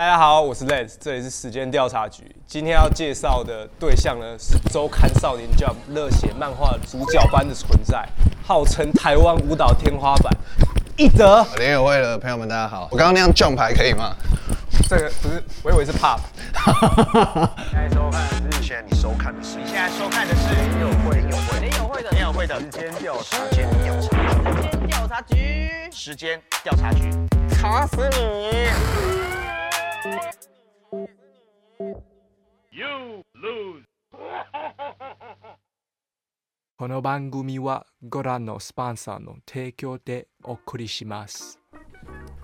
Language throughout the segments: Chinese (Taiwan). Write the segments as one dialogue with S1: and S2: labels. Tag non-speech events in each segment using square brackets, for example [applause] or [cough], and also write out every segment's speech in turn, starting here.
S1: 大家好，我是 LENZ，這裡是時間調查局。今天要介紹的對象呢，是周刊少年 Jump 熱血漫畫主角般的存在，號稱台灣舞蹈天花板——一德。聯友會的朋友們，大家好。
S2: 我剛剛那樣舉牌可以嗎？
S1: 這個不是，我以為是 pop。歡 [laughs] 迎收看的是，你現在你收看的是，你現在收看的是聯友會，聯友會的，聯友會的時間調，時間調，時間調查，時間調查，查局，時間調查局，查死你！ [laughs]
S2: You lose。
S1: この番組はご覧のスポンサーの提供でお送りします。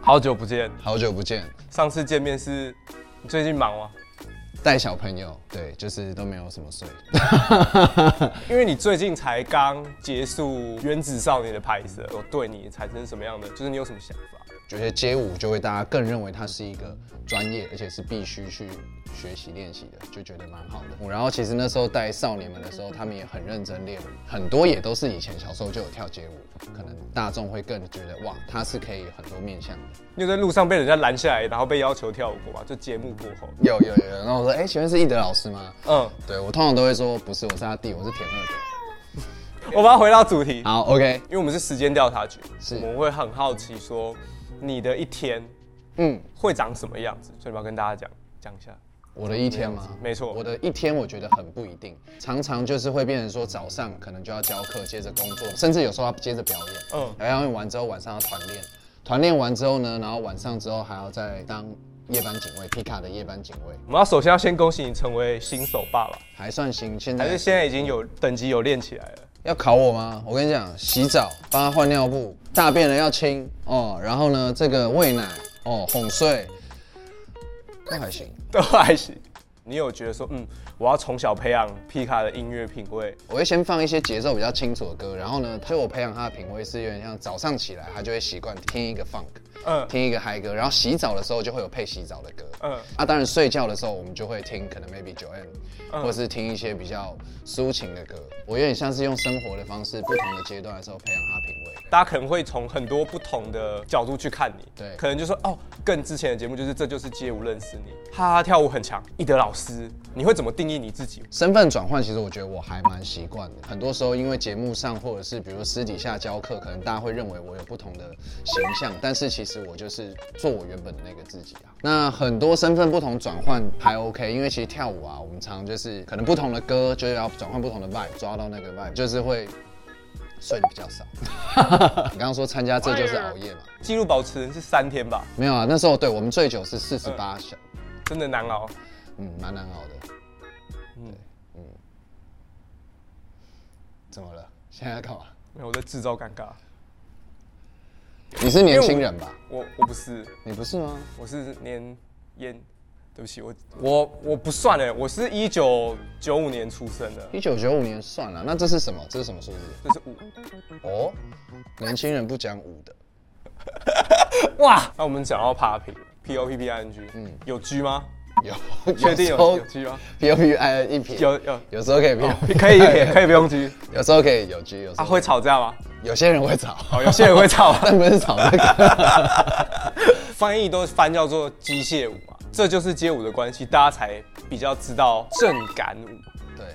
S1: 好久不見，好久不見。上次見面是，你最近忙嗎？
S2: 帶小朋友，對，就是都沒有什麼睡。
S1: [laughs] 因為你最近才剛結束《原子少年》的拍攝，我對你產生什麼樣的，就是你有什麼想法？
S2: 覺得街舞就會大家更認為它是一個專業，而且是必須去
S1: 學習練習的，就覺得蠻好的。
S2: 然後其實那時候帶少年們的時候，他們也很認真練，很多也都是以前小時候就有跳街舞。可能大眾會更覺得哇，他是可以很多面向
S1: 的。有在路上被人家攔下來，然後被要求跳舞吧，就節目過後。
S2: 有有有，然後我說，哎，請問是一德老師嗎？嗯，對，我通常都會說不是，我是他弟，我是田二。
S1: 我們要回到主題，好，OK，因為我們是時間調查局，是我們會很好奇說。你的一天，嗯，會長什麼樣子？嗯？所以我要跟大家講講一下
S2: 我的一天嗎？沒錯，我的一天我覺得很不一定，常常就是會變成說早上可能就要教課，接着工作，甚至有時候要接着表演。嗯，表演完之後晚上要團練，團練完之後呢，然後晚上之後還要再當夜班警衛，皮卡的夜班警衛。
S1: 我們要首先要先恭喜你成為新手爸爸，還算新，現在還，還是現在已經有，嗯，等級有練起來了。
S2: 要考我嗎？我跟你講，洗澡，幫他換尿布。大便了要清哦，然後呢，這個餵奶哦，哄睡，
S1: 都還行，都還行。你有覺得說，嗯？我要從小培養皮卡的音樂品味。
S2: 我會先放一些節奏比較清楚的歌，然後呢，就我培養他的品味是有點像早上起來，他就會習慣聽一個 funk，嗯，聽一個嗨歌，然後洗澡的時候就會有配洗澡的
S1: 歌，嗯，
S2: 啊，當然睡覺的時候我們就會聽可能 maybe 90s，嗯，或是聽一些比較抒情的歌。我有點像是用生活的方式，不同的階段的時候培養他品味。
S1: 大家可能會從很多不同的角度去看你，對，可能就說哦，更之前的節目就是《這就是街舞》，認識你，他哈哈跳舞很強，一德老師，你會怎麼定？你你自己身份轉換，其實我覺得
S2: 我還蠻習慣的。很多時候，因為節目上，或者是比如私底下教課，可能大家會認為我有不同的形象，但是其實我就是做我原本的那個自己啊。那很多身份不同轉換還 OK，因為其實跳舞啊，我們常常就是可能不同的歌就要轉換不同的 vibe，抓到那個 vibe 就是會睡得比較少。 [laughs] 你剛剛說參加這就是熬
S1: 夜嘛？記錄保持是三天吧？
S2: 沒有啊，那時候對我們最久是四十八小
S1: 時，嗯，真的難熬。嗯，蠻難熬的。怎麼了？現在幹嘛？沒有，我在製造尷尬。你是年輕人吧？我我，我不是。你不是嗎？我是年煙，對不起，我我我不算哎，我是一九九五年出生的。一九
S2: 九五年算了，那這是什麼？這是什麼數字？這是
S1: 五。哦，嗯嗯嗯，
S2: 年輕人不講
S1: 五的。 [laughs] 哇，那我們講到 popping，p o p p i n g，嗯，有 g 嗎？ [music] 有確定有有 G 嗎？P O P I N 一撇
S2: 有有，有時候可以不，可以可以不用 g，有時候可以有 g、 [music] 啊、有時候 Anthe 有時有、啊、
S1: 會吵架嗎？ [laughs] 有些人會吵，espresso 喔、有些人會吵， [laughs] 但不是吵那個。 [laughs] 文 fifty -pei novelty 翻譯都翻叫做機械舞嘛，這就是街舞的關係，大家才比較知道正感舞。 [laughs] 對，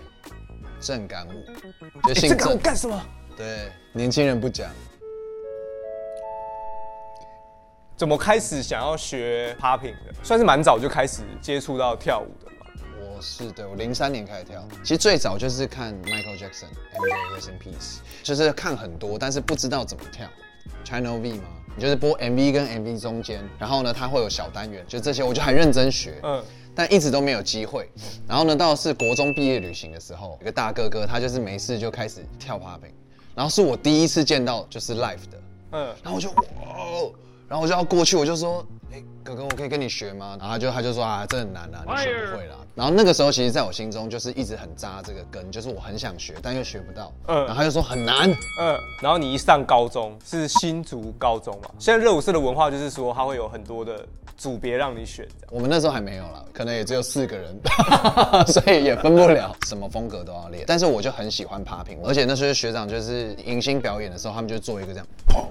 S1: 正感舞，正感舞幹什麼？對，年輕人不講。怎麼開始想要學 popping 的？算是蠻早就開始接觸到跳舞的嘛？oh。我是的，我零三年開始跳，其實最
S2: 早就是看 Michael Jackson MV，Rest、mm -hmm. in Peace，就是看很多，但是不知道怎麼跳。Channel V 嗎？你就是播 MV 跟 MV 中間，然後呢，它會有小單元，就這些，我就很認真學。嗯。但一直都沒有機會。嗯。然後呢，到是國中畢業旅行的時候，嗯，一個大哥哥他就是沒事就開始跳 popping，然後是我第一次見到就是 live 的。嗯。然後我就哇。Oh! 然後我就要過去，我就說，誒、欸、哥哥，我可以跟你學嗎？然後就他就說啊，這很難啊，
S1: 你學不會啦。
S2: 然後那個時候，其實在我心中就是一直很扎這個根，就是我很想學，但又學不到。嗯。然後他就說很難。嗯。
S1: 然後你一上高中是新竹高中嘛？現在熱舞社的文化就是說它會有很多的組別讓你選。
S2: 我們那時候還沒有啦，可能也只有四個人， [laughs] 所以也分不了，
S1: [laughs] 什麼風格都要練。但
S2: 是我就很喜歡 Popping，而且那時候學長就是迎新表演的時候，他們就做一個這樣。哦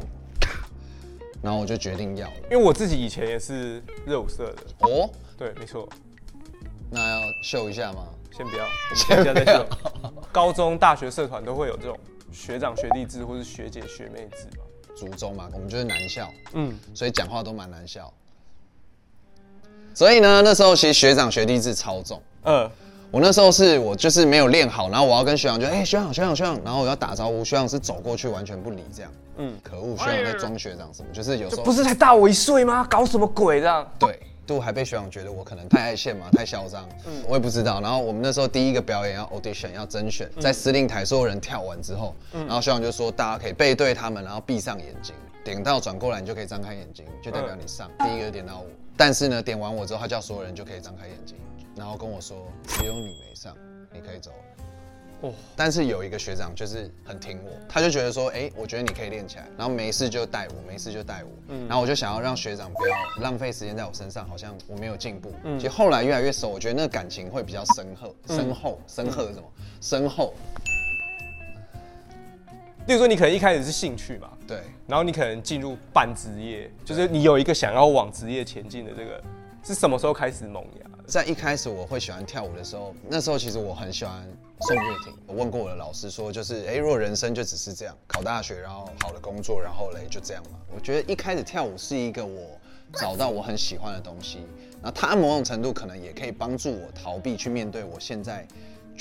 S2: 然後我就決定要
S1: 了，因為我自己以前也是熱舞社的哦。對，沒錯。那要秀一下嗎？先不要，我們要再秀先不要。高中、大學社團都會有這種學長學弟制，或是學姐學妹制嘛。主中
S2: 嘛，我們就是男校，嗯，所以講話都蠻難笑。所以呢，那時候其實學長學弟制超重。嗯、呃。我那時候是我就是沒有練好，然後我要跟學長就，就、欸、哎學長學長學長，然後我要打招呼，學長是走過去完全不理這樣。嗯，可惡，學長在裝學長什麼？就是有時候不是才大我一歲嗎？搞什麼鬼這樣？對，都還被學長覺得我可能太愛現嘛，太囂張。嗯，我也不知道。然後我們那時候第一個表演要 audition 要甄選，在司令台所有人跳完之後，嗯，然後學長就說大家可以背對他們，然後閉上眼睛，嗯，點到轉過來你就可以張開眼睛，就代表你上。嗯，第一個就點到我，但是呢，點完我之後，他叫所有人就可以張開眼睛，然後跟我說只有你沒上，你可以走了。但是有一個學長就是很挺我，他就覺得說，哎、欸，我覺得你可以練起來，然後沒事就帶我，沒事就帶我。嗯，然後我就想要讓學長不要浪費時間在我身上，好像我沒有進步、嗯。其實後來越來越熟，我覺得那個感情會比較深厚、深厚、嗯、深厚。什麼、嗯？深厚。
S1: 例如說，你可能一開始是興趣嘛，對，然後你可能進入半職業，就是你有一個想要往職業前進的這個。是什麼時候開始萌芽？
S2: 在一開始我會喜歡跳舞的時候，那時候其實我很喜歡宋岳庭。我問過我的老師說，就是哎，如果人生就只是這樣，考大學，然後好的工作，然後嘞就這樣嘛？我覺得一開始跳舞是一個我找到我很喜歡的東西，然後它某種程度可能也可以幫助我逃避去面對我現在，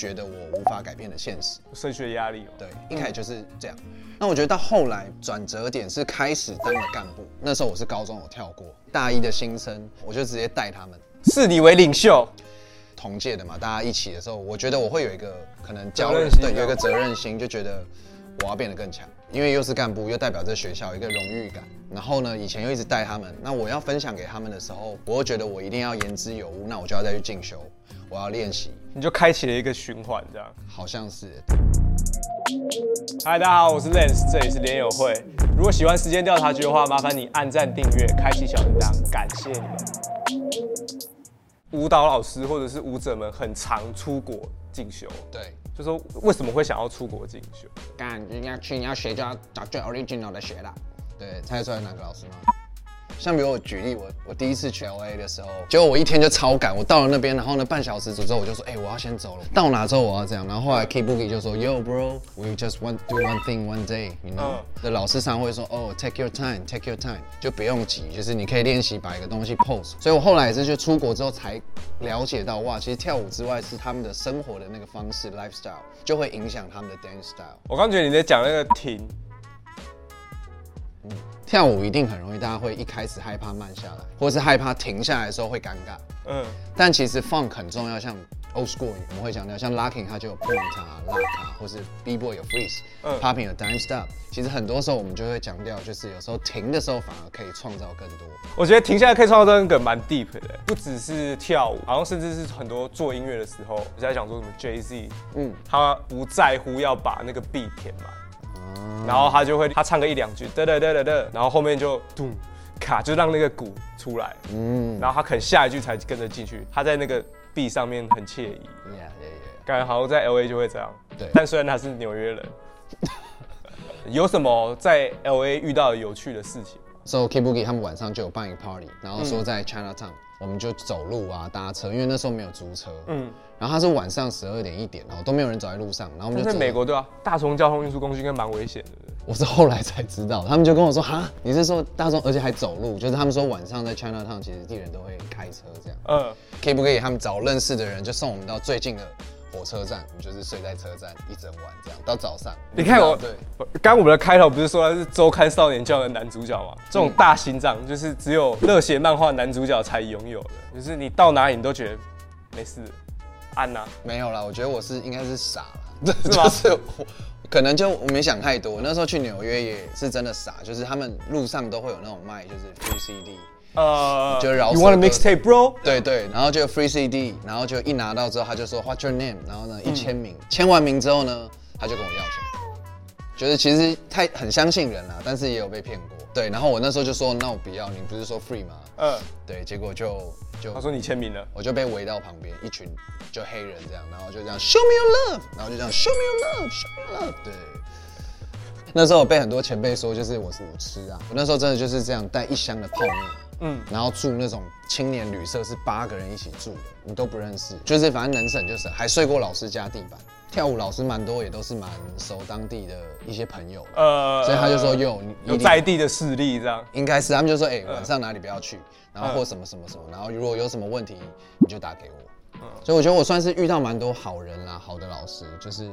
S2: 我覺得我無法改變的現實，
S1: 升學的壓力。對，一開始就是這樣。
S2: 那我覺得到後來轉折點是開始當了幹部，那時候我是高中有跳過大一的新生，我就直接帶他們，視你為領袖。同屆的嘛，大家一起的時候，我覺得我會有一個可能，教育，對，有一個責任心，就覺得我要變得更強，因為又是幹部，又代表這學校有一個榮譽感。然後呢，以前又一直帶他們，那我要分享給他們的時候，我會覺得我一定要言之
S1: 有物，那我就要再去進修。我要練習，你就開啟了一個循環，這樣好像是。嗨，Hi, 大家好，我是 LENZ，這裡是連友會。如果喜歡時間調查局的話，麻煩你按讚、訂閱、開啟小鈴鐺，感謝你們。舞蹈老師或者是舞者們，很常出國進修。對，就說為什麼會想要出國進修？幹，你要去，你要學，就要找最 original 的學啦。
S2: 對，猜出來哪個老師嗎？像比如我舉例，我我第一次去 L A 的時候，結果我一天就超趕，我到了那邊，然後呢半小時左右，我就說，哎、欸，我要先走了。到哪之後我要這樣，然後後來 Key Boogie 就說，Yo bro, we just want to do one thing one day, you know、哦。的老師常會說，哦、oh,，take your time, take your time，就不用急，就是你可以練習把一個東西 pose。所以我後來也是就去出國之後才了解到，哇，其實跳舞之外是他們的生活的那個方式 lifestyle，就會影響他們的 dance style。
S1: 我感覺你在講那個停。
S2: 跳舞一定很容易，大家會一開始害怕慢下來，或者是害怕停下來的時候會尷尬。嗯。但其實 funk 很重要，像 old school 我們會強調，像 locking 它就有 point 啊、lock 啊，或是 b boy 有 freeze，嗯，popping 有 dime stop。其實很多時候我們就會強調，就是有時候停的時候反而可以創造更多。
S1: 我覺得停下來可以創造出一個蠻 deep 的、欸，不只是跳舞，好像甚至是很多做音樂的時候，我在想說什麼 Jay Z，嗯，他不在乎要把那個 beat 填滿。然後他就會，他唱個一兩句，嘚嘚嘚嘚嘚，然後後面就咚，卡，就讓那個鼓出來，嗯，然後他可能下一句才跟着進去，他在那個壁上面很愜意，Yeah Yeah
S2: Yeah，
S1: 感覺好像在 LA 就會這樣，對，但雖然他是紐約人， [laughs] 有什麼在 LA 遇到有趣的事情
S2: ？So K-Boogie 他們晚上就有辦一個 party，然後說在 China Town。嗯我們就走路啊，搭車，因為那時候沒有租車。嗯，然後他是晚上十二點一點，然後都沒有人走在路上，然後我們就。在美
S1: 國對吧、啊？大眾交通運輸工具應該蠻危險的，
S2: 我是後來才知道，他們就跟我說，哈，你是說大眾，而且還走路，就是他們說晚
S1: 上在 Chinatown，其實地人都會開車這樣。嗯，可以不可以？他們找認識的人就送我們到最近的。
S2: 火車站，我、嗯、就是睡在車站一整晚，這樣到早上。你看我，
S1: 對，剛我，我們的開頭不是說他是周刊少年 Jump 的男主角嗎？這種大心臟，就是只有熱血漫畫男主角才擁有的，就是你到哪裡你都覺得沒事，安吶、啊。
S2: 沒有啦。我覺得我是應該是傻了，是嗎？ [laughs] 是我，可能就我沒想太多。那時候去紐約也是真的傻，就是他們路上都會有那種賣，就是 VCD。
S1: 呃、uh,，就饒。y 你 want a mixtape,
S2: bro？對對，然後就 free CD，然後就一拿到之後，他就說 What's your name？然後呢，一簽名、嗯，簽完名之後呢，他就跟我要錢。覺、就、得、是、其實太很相信人啊，但是也有被騙過。對，然後我那時候就說那我，不要，你不是說 free 嗎？嗯、uh,，對，結果就就他說你簽名了，我就被圍到旁邊，一群就黑人這樣，然後就這樣 Show me your love，然後就這樣 Show me your love，Show me your love。對，那時候我被很多前輩說就是我我吃啊，我那時候真的就是這樣帶一箱的泡麵。Uh, 嗯，然後住那種青年旅社，是八個人一起住的，你都不認識，就是反正能省就省，還睡過老師家地板。跳舞老師蠻多，也都是蠻熟當地的一些朋友，
S1: 呃，所以他就說、呃、有有在地
S2: 的勢力這樣，應該是他們就說，哎、欸，晚上哪裡不要去、呃，然後或什麼什麼什麼，然後如果有什麼問題
S1: 你就打給我、
S2: 呃，所以我覺得我算是遇到蠻多好
S1: 人啦，好的老師就是。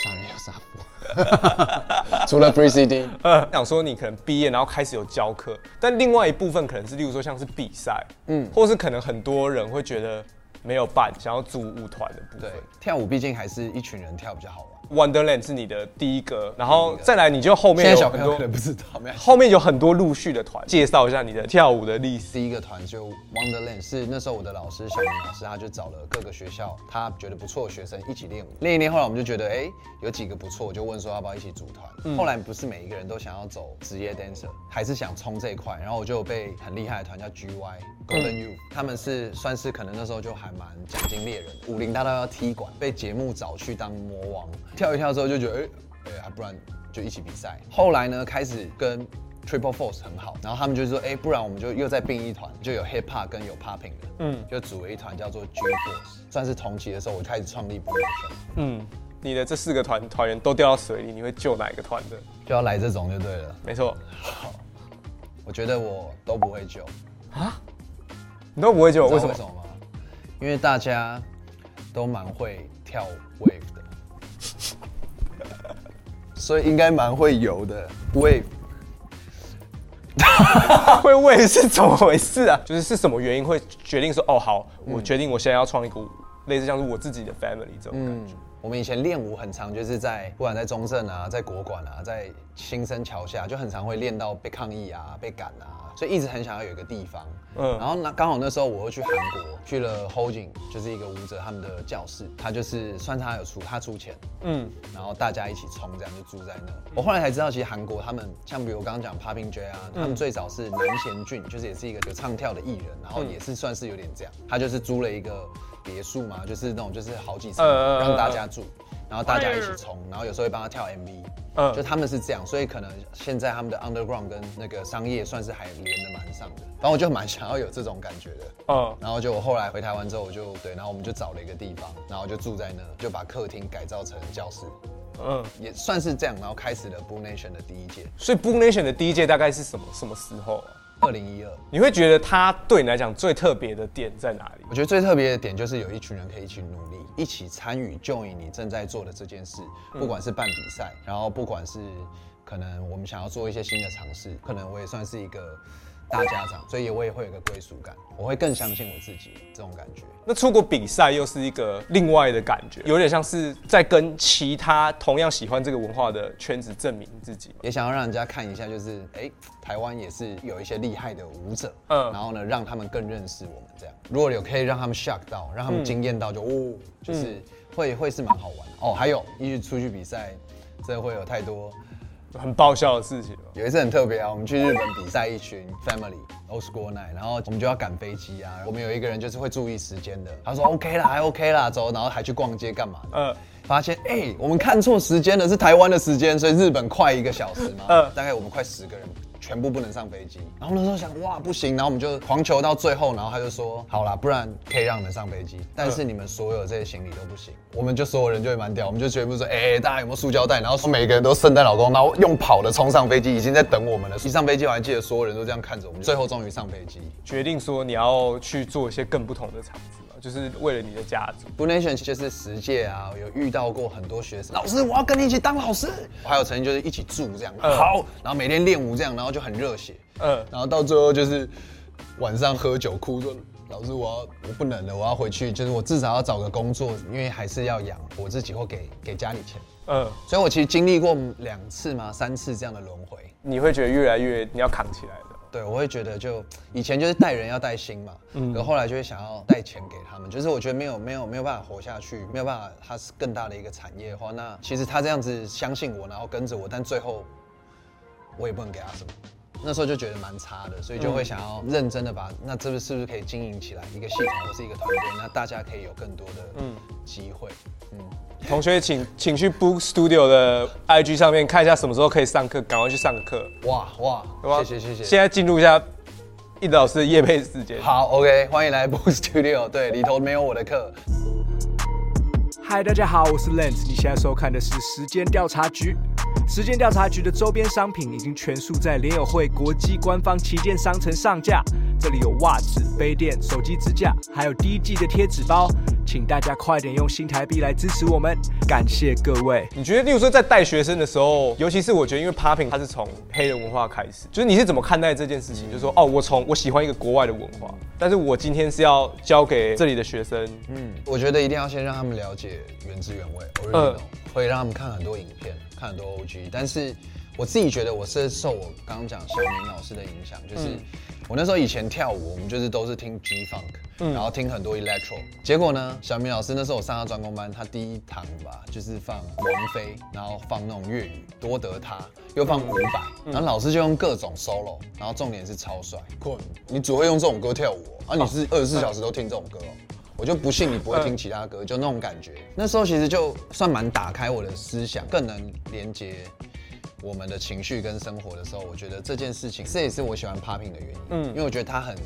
S1: 殺人要殺父。
S2: [laughs] [laughs] 除了 p r e e c i 呃、嗯，
S1: 想說你可能畢業，然後開始有教課，但另外一部分可能是例如說像是比賽，嗯，或是可能很多人會覺得沒有伴，想要組舞團的部分。對，跳舞畢竟還是一群人跳比較好玩。Wonderland 是你的第一個，然後再來你就後面現在小朋友可能不知道，後面有很多陸續的團，介紹一下你的跳舞的歷史。第一個團就 Wonderland 是那時候我的
S2: 老師小明老師，他就找了各個學校他覺得不錯的學生一起練舞練一練，後來我們就覺得哎、欸、有幾個不錯，我就問說要不要一起組團、嗯。後來不是每一個人都想要走職業 dancer，還是想衝這一塊，然後我就被很厲害的團叫 GY。他們是算是可能那時候就還蠻獎金獵人，舞林大道要踢館，被節目找去當魔王，跳一跳之後就覺得哎，哎、欸欸啊，不然就一起比賽。後來呢，開始跟 Triple Force 很好，然後他們就說哎、欸，不然我們就又再併一團，就有 Hip Hop 跟有 Popping 的，嗯，就
S1: 組了一團叫做 G Force，算是同期的時候我開始創立不落分。嗯，你的這四個團團員都掉到水裡，你會救哪一個團的？
S2: 就要來這種就對
S1: 了，沒錯。好。我覺得我都不會救。啊？
S2: 你都不會救我？為什麼，為什麼嗎？因為大家都蠻會跳 wave 的，
S1: [laughs] 所以應該蠻會游的 wave。喂， [laughs] 哈 wave 是怎麼回事啊？就是是什麼原因會決定說哦，好，我決定我現在要創一個類似像是我自己的 family 這種感覺。嗯我們以前練舞很
S2: 常就是在不管在中正啊，在國館啊，在新生橋下就很常會練到被抗議啊，被趕啊，所以一直很想要有一個地方。嗯，然後那剛好那時候我又去韓國，去了 Holding，就是一個舞者他們的教室，他就是算他有出他出錢，嗯，然後大家一起衝，這樣就住在那，嗯。我後來才知道，其實韓國他們像比如我剛剛講 Popping J 啊，嗯，他們最早是南賢俊，就是也是一個就唱跳的藝人，然後也是算是有點這樣，他就是租了一個。別墅嘛，就是那種就是好幾層讓大家住，然後大家一起衝，然後有時候會幫他跳 MV，呃、就他們是這樣，所以可能現在他們的 Underground 跟那個商業算是還連得蠻上的。然後我就蠻想要有這種感覺的，嗯，然後就我後來回台灣之後，我就對，然後我們就找了一個地方，然後就住在那，就把客廳改造成教室，嗯、呃，也算是這樣，然後開
S1: 始了 Boonation 的第一屆。所以 Boonation 的第一屆大概是什麼什麼時候啊？二零一二，你會覺得他對你來講最特別的點在哪
S2: 裡？我覺得最特別的點就是有一群人可以一起努力，一起參與，join 你正在做的這件事，不管是辦比賽、嗯，然後不管是可能我們想要做一些新的嘗試，可能我也算是一個。大家長，所以我也會有一個歸屬感，我會更相信我自己這
S1: 種感覺。那出國比賽又是一個另外的感覺，有點像是在跟其他同樣喜歡這個文化的圈子證明自己，也想要讓人家看一下，就是哎、欸，
S2: 台灣也是有一些厲害的舞者、呃，然後呢，讓他們更認識我們這樣。如果有可以讓他們 shock 到，讓他們驚豔到就，就、嗯、哦，就是、嗯、會會是蠻好玩的哦。還有一直出去比賽，真的會有太多。很爆笑的事情，有一次很特別啊，我們去日本比賽，一群 family old school night，然後我們就要趕飛機啊。我們有一個人就是會注意時間的，他說 OK 啦，還 OK 啦，走，然後還去逛街幹嘛？嗯、呃，發現哎、欸，我們看錯時間了，是台灣的時間，所以日本快一個小時嘛。嗯、呃，大概我們快十個人。全部不能上飛機，然後那時候想哇，不行，然後我們就狂求到最後，然後他就說好啦，不然可以讓你們上飛機，但是你們所有這些行李都不行，嗯、我們就所有人就會蠻屌，我們就全部說哎、欸、大家有沒有塑膠袋？然後說然後每個人都聖誕老公，然後用跑的衝上飛機，已經在等我們了，一上飛機我還記得所有人都這樣看着我們，最後終於上飛機，
S1: 決定說你要去做一些更不同的嘗試。就是為了你的家族。Boonation 其實就是實踐啊，有遇到過很多學生，
S2: 老師，我要跟你一起當老師。Oh. 還有曾經就是一起住這樣，好、uh. 嗯，然後每天練舞這樣，然後就很熱血。嗯、uh.。然後到最後就是晚上喝酒哭說，老師我要，我我不能了，我要回去，就是我至少要找個工作，因為還是要養我自己或給給家裡錢。嗯、uh.。所以我其實經歷過兩次嘛，三次這樣的輪
S1: 回，你會覺得越來越你要扛起來了
S2: 對，我會覺得就以前就是帶人要帶心嘛，嗯，然後後來就會想要帶錢給他們，就是我覺得沒有沒有沒有辦法活下去，沒有辦法，他是更大的一個產業的話，那其實他這樣子相信我，然後跟着我，但最後我也不能給他什麼。那時候就覺得蠻差的，所以就會想要認真的把、嗯嗯、那這個是不是可以經營起來一個系統，或是一個團隊，那大家可以有更多的機嗯機會。嗯，
S1: 同學請請去 Boog Studio 的 IG 上面看一下什麼時候可以上課，趕快去上課。哇哇有有，
S2: 謝謝謝謝。現
S1: 在進入一下易老師的業配時間。好 OK，歡迎來 Boog Studio，
S2: 對裡頭沒有我的課。
S1: 嗨，大家好，我是 Lenz，你現在收看的是時間調查局。時間調查局的周邊商品已經全數在聯友會國際官方旗艦商城上架，這裡有襪子、杯墊、手機支架，還有第一季的貼紙包，請大家快點用新台幣來支持我們，感謝各位。你覺得，例如說在帶學生的時候，尤其是我覺得，因為 popping 它是從黑人文化開始，就是你是怎麼看待這件事情？就是說，哦，我從我喜歡一個國外的文化，但是我今天是要教給這裡的學生，嗯，我覺得一
S2: 定要先讓他們了解原汁原味，嗯，我覺得會讓他們看很多影片。看很多 OG，但是我自己覺得我是受我剛剛講小明老師的影響，就是我那時候以前跳舞，我們就是都是聽 G Funk，、嗯、然後聽很多 Electro。結果呢，小明老師那時候我上他專攻班，他第一堂吧，就是放王菲，然後放那種粵語多得他，又放伍佰、嗯、然後老師就用各種 solo，然後重點是超帥，困、cool.，你只會用這種歌跳舞，而、啊、你是二十四小時都聽這種歌、哦。我就不信你不會聽其他歌，呃，就那種感覺。那時候其實就算蠻打開我的思想，更能連接我們的情緒跟生活的時候，我覺得這件事情這也是我喜歡 popping 的原因。嗯，因為我覺得它很，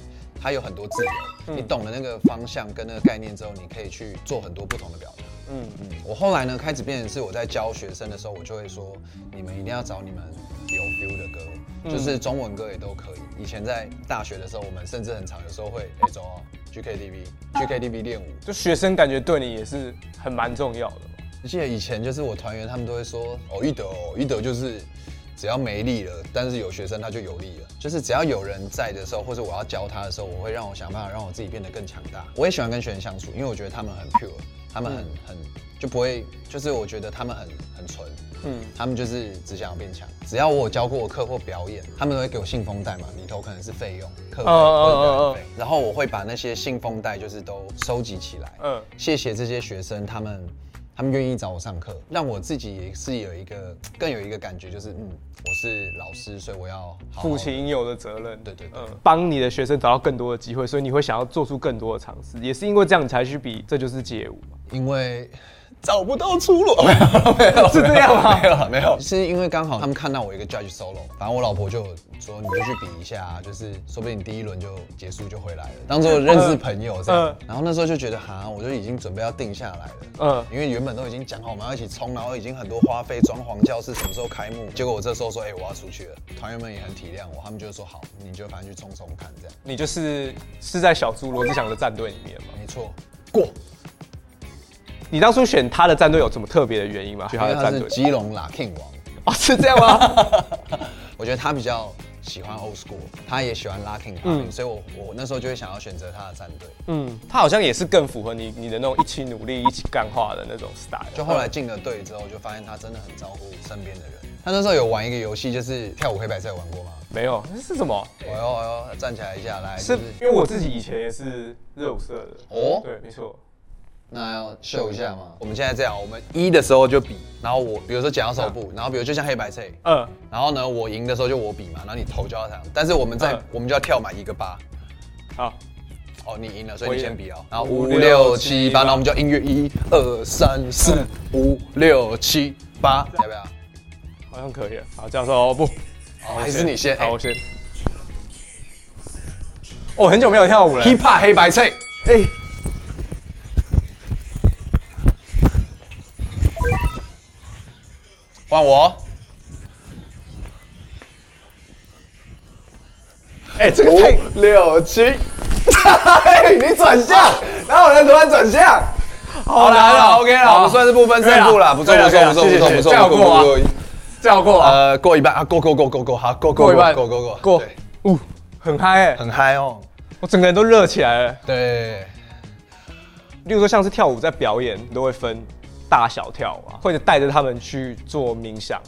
S2: 它有很多自由，嗯。你懂了那個方向跟那個概念之後，你可以去做很多不同的表達。嗯嗯。我後來呢，開始變成是我在教學生的時候，我就會說，你們一定要找你們有 feel 的歌。就是中文歌也都可以。以前在大學的時候，我們甚至很常，有時候會陪周啊去 KTV，去 KTV 練舞。
S1: 就學生感覺對你也是很蠻重要的嘛。我記得以前就是我團
S2: 員，他們都會說哦，一德哦，一德就是只要沒力了，但是有學生他就有力了。就是只要有人在的時候，或者我要教他的時候，我會讓我想辦法讓我自己變得更強大。我也喜歡跟學生相處，因為我覺得他們很 pure，他們很、嗯、很就不會，就是我覺得他們很很純。嗯，他們就是只想要變強。只要我有教過課或表演，他們都會給我信封袋嘛，裡頭可能是費用、課費。Oh, oh, oh, oh, oh. 然後我會把那些信封袋就是都收集起來。嗯，謝謝這些學生，他們，他們願意找我上課，讓我自
S1: 己也是有一個
S2: 更有一個感覺，就是嗯，我是老師，所以我要負起應
S1: 有的責任。對對對。嗯，幫你的學生找到更多的機會，所以你會想要做出更多的嘗試，也是因為這樣你才去比，這就是街舞。
S2: 因為。
S1: 找不到出路，沒有，沒
S2: 有，是這樣嗎？沒有，沒有，沒有，是因為剛好他們看到我一個 judge solo，反正我老婆就說，你就去比一下啊，就是說不定你第一輪就結束就回來了，當做認識朋友這樣。然後那時候就覺得，哈，啊，我就已經準備要定下來了，嗯，因為原本都已經講好我們要一起衝，然後已經很多花費裝潢教室，什麼時候開幕，結果我這時候說，哎，欸，我要出去了，團員們也很體諒我，他們就說，好，你就反正去衝衝看這
S1: 樣。你就是是在小豬羅志祥的戰
S2: 隊裡面嗎？沒錯，過。
S1: 你當初選他的戰隊有什麼特別的原因嗎？他的他是基隆 Locking 王。哦、是這樣嗎？ [laughs] 我覺得他比較喜歡 Old School，他也喜歡 Locking，嗯，所以我我那時候就會想要選擇他的戰隊，嗯，他好像也是更符合你你的那種一起努力一起幹話的那種 style。就後來進了
S2: 隊之後，就發
S1: 現他真的很照顧身邊的人。他那時候有玩一個遊戲，就是跳舞黑白，有玩過嗎？沒有，
S2: 這是什麼？我、哦、我、哦、站起來一下來，是、就是、因為我自己以
S1: 前也是熱舞社的哦，對，沒錯。那要秀一下嗎
S2: 我？我們現在這樣，我們一的時候就比，然後我比如說剪到手部，然後比如說就像黑白猜，嗯，然後呢，我贏的時候就我比嘛，然後你頭就要抬，但是我們在、嗯、我們就要跳滿一個八，好，哦，你贏了，所以你先比哦，然後五六七八，5, 6, 7, 8, 然後我們就音樂一二三四五六七
S1: 八，要不要？好像可以了，好，教授、哦，不，還是你先，好我先，欸、哦，很久沒有跳舞了，hip hop 黑白猜，欸換我！哎、欸，這個五、哦、六七， [laughs] 你轉向，
S2: 然後我再突然轉向，
S1: 好難啊 OK 了，我們算是不分勝負了，不錯、okay、不錯、okay、不錯、okay、不錯、okay、不中、okay okay okay
S2: okay 啊，過過過，過過過，呃，過一半啊，過過過過呃過一半啊過過過過過好過
S1: 過半，過過過過，五、呃，很嗨、欸，很嗨哦、喔，我整個人都熱起來了，對，例如說像是跳舞在表演，你都會分。大小跳啊，或者帶着他們去做冥想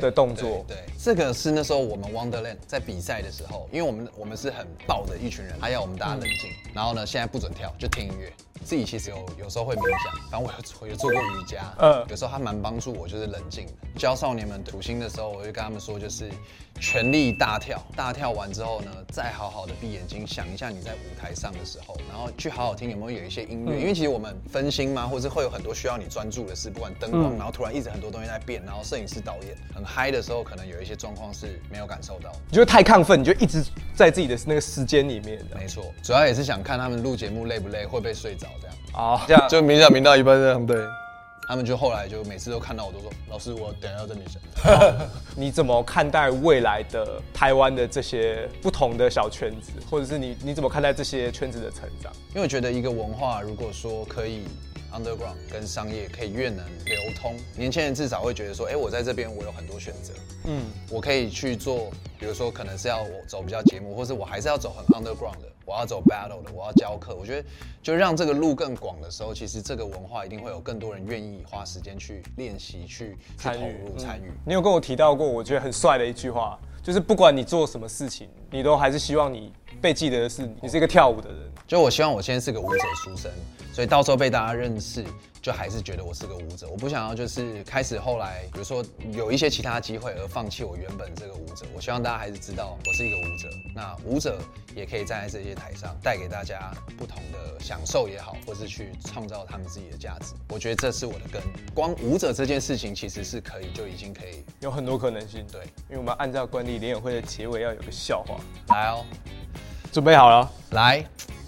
S1: 的動作對對。對，這個是那時候我們 Wonderland 在比
S2: 賽的時候，因為我們我們是很爆的一群人，他要我們大家冷靜、嗯。然後呢，現在不准跳，就聽音樂。自己其實有有時候會冥想，反正我有我有做過瑜伽，嗯、呃，有時候還蠻幫助我，就是冷靜的。教少年們土星的時候，我就跟他們說，就是。全力大跳，大跳完之後呢，再好好的閉眼睛想一下你在舞台上的時候，然後去好好聽有沒有有一些音樂、嗯，因為其實我們分心嘛，或者會有很多需要你專注的事，不管燈光、嗯，然後突然一直很多東西在變，然後攝影師導演很嗨的時候，可能有一些狀況是沒有感受到。
S1: 你就太亢奮，你就一直在自己的那個時間裡面。沒錯，主要也是想看他們錄節目累不累，會不
S2: 會睡着這樣。啊、哦，名名這樣就冥想冥到一半這樣，對。他們就後來就每次都看到我都說，老師我等下在那邊講。
S1: [laughs] 你怎麼看待未來的台灣的這些不同的小圈子，或者是你你怎麼看待這些圈子的成長？因為我覺得一個文
S2: 化如果說可以 underground 跟商業可以越能流通，年輕人至少會覺得說，誒我在這邊我有很多選擇，嗯，我可以去做，比如說可能是要我走比較節目，或是我還是要走很 underground 的。我要走 battle 的，我要教課。我覺得，就讓這個路更廣的時候，其實這個文化一定會有更多人願意花時間去練習、去
S1: 參與、參與、嗯。你有跟我提到過，我覺得很帥的一句話，就是不管你做什麼事情，你都還是希望你被記得的是、嗯、你是一個跳舞的人。就我希望我現在是個舞者
S2: 出身，所以到時候被大家認識。就還是覺得我是個舞者，我不想要就是開始後來，比如說有一些其他機會而放棄我原本這個舞者。我希望大家還是知道我是一個舞者，那舞者也可以站在這些台上，帶給大家不同的享受也
S1: 好，或是去創造他們自己的價值。
S2: 我覺得這是我的根。光舞者這件事情其
S1: 實是可以，就已經可以有很多可能性。對，因為我們按照慣例，聯友會的結尾要有個笑話，
S2: 來哦，準備好了，來。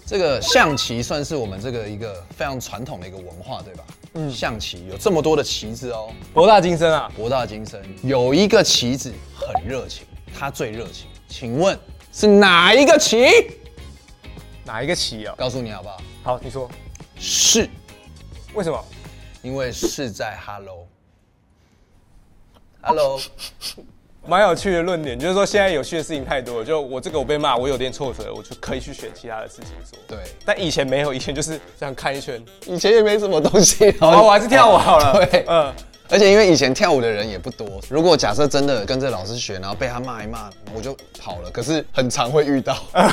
S2: 這個象棋算是我們這個一個非常傳統的一個文化，對吧？嗯，象棋有這麼多的棋子哦，博大精深啊，博大精深。有一個棋子很熱情，它最熱情，請問是哪一個棋？哪一個棋呀、哦？告訴你好不好？好，你說，
S1: 是，為什麼？因為是在 hello，hello。Hello? [laughs] 蠻有趣的論點，就是說，現在有趣的事情太多了。就我這個我被罵，我有點挫折，我就可以去選其他的事情做。對，但以前沒有，以前就是這樣看一圈，
S2: 以前也沒什麼東西。好、哦，我還是跳舞好了、哦。對，嗯。而且因為以前跳舞的人也不多，如果假設真的跟着老師學，然後被他罵一罵，我就跑了。可是很常會遇到。嗯